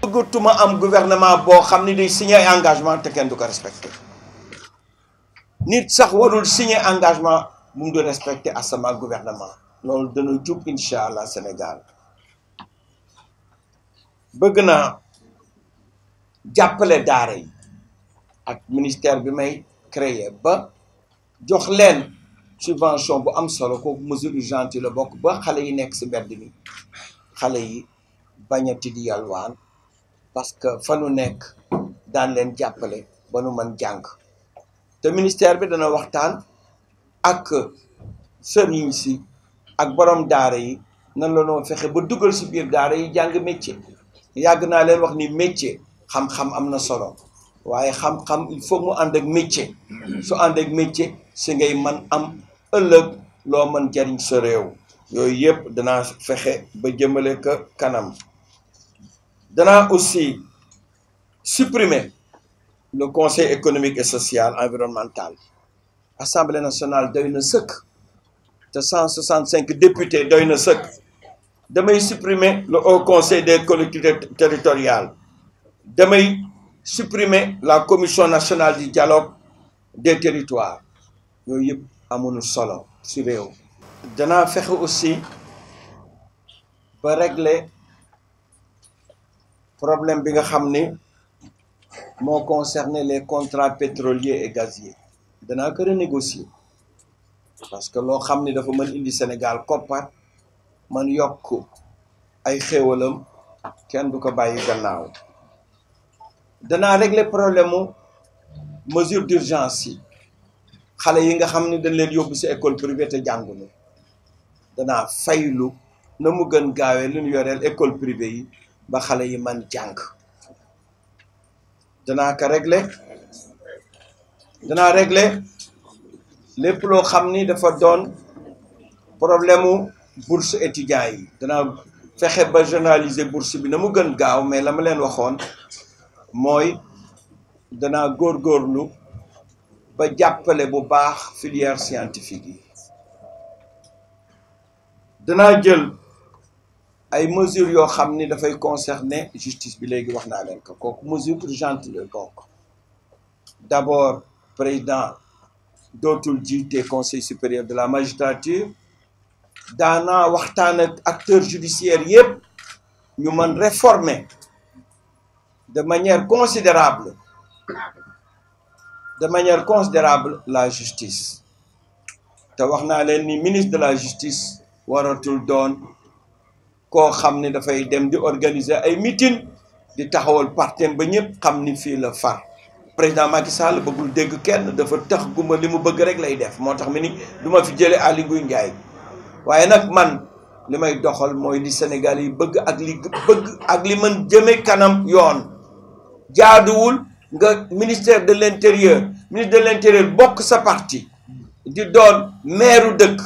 bëggatuma am gouvernement boo xam ni day signé engagement te kenn du ko respecté nit sax warul signé engagement bu mu du respecté à sama gouvernement loolu dana jub incha allah Sénégal bëgg naa jàppale daara yi ak ministère bi may créer ba jox leen subvention bu am solo kooku mesure urgente la bokk ba xale yi nekk si mbedd mi xale yi bañati di yalwaan parce que fa nu nekk daan leen jàppale ba nu mën jàng te ministère bi dana waxtaan ak sëriñ si ak boroom daara yi nan la noo fexe ba dugal si biir daara yi jàng métier yàgg naa leen wax ni métier xam-xam am na solo waaye xam-xam il faut mu ànd ak métier su ànd ak métier si ngay man am ëllëg loo mën jariñ sa réew yooyu yëpp dana fexe ba jëmale ko kanam dana aussi supprimer le conseil économique et social environnemental assemblée nationale de l'UNESEC, de 165 députés de l'UNESEC. supprimer le haut conseil des collectivités territoriales damay supprimer la commission nationale du dialogue des territoires Nous yëpp solo aussi régler problème bi nga xamné mo concerner les contrats pétroliers et gaziers dana ko renégocier parce que lo xamné dafa mën indi Sénégal koppar man yok ay xéewalam kèn du ko bayyi gannaaw dana régler problème mesure d'urgence yi xale yi nga xamné dañ leen yobbu ci école privée te jànguñu danaa faylu na mu gën gaawé lu ñu yoreel école privée yi ba xale yi man jàng danaa ko régler danaa régler lépp loo xam ni dafa doon problème mu bourse étudiant yi danaa fexe ba généraliser bourse bi na mu gën gaaw mais la ma leen waxoon mooy danaa góorgóorlu ba jàppale bu baax filière scientifique yi danaa jël ay mesures yoo xam ni dafay concerner justice bi léegi wax naa ko kooku mesure urgente la donc d'abord président dootul jiite conseil supérieur de la magistrature daanaa waxtaan ak acteurs judiciaires yépp ñu mën réformer de manière considérable de manière considérable la justice te wax naa leen ni ministre de la justice waratul doon Ko xam da fay dem di organiser ay meeting di taxawal partem ba ñepp xamni fi la far président Macky Sall bëggul dégg kenn dafa tax guma limu bëgg rek lay def motax tax mi ni fi jëlé Ali Ngouille Ndiaye nak man limay doxal moy li Sénégal yi bëgg ak li bëgg ak li man jëme kanam yoon jadul nga ministère de l'intérieur ministre de l'intérieur bok sa parti di doon maire dëkk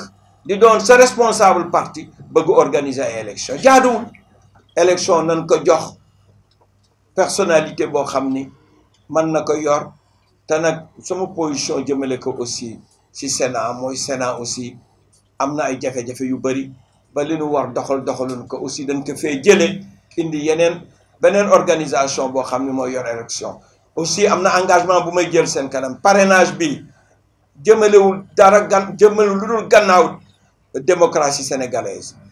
di doon sa responsable parti bëgg organiser ay élection jaaduwul élection nañ ko jox personnalité boo xam ni mën na ko yor te nag sama position jëmale ko aussi ci Sénat mooy Sénat aussi am na ay jafe-jafe yu bari ba li nu war doxal doxalun ko aussi dañ ko fee jële indi yeneen beneen organisation boo xam ni mooy yor élection aussi am na engagement bu may jël seen kanam parenage bi jëmalewul dara gan jëmale lu dul gannaaw démocratie sénégalaise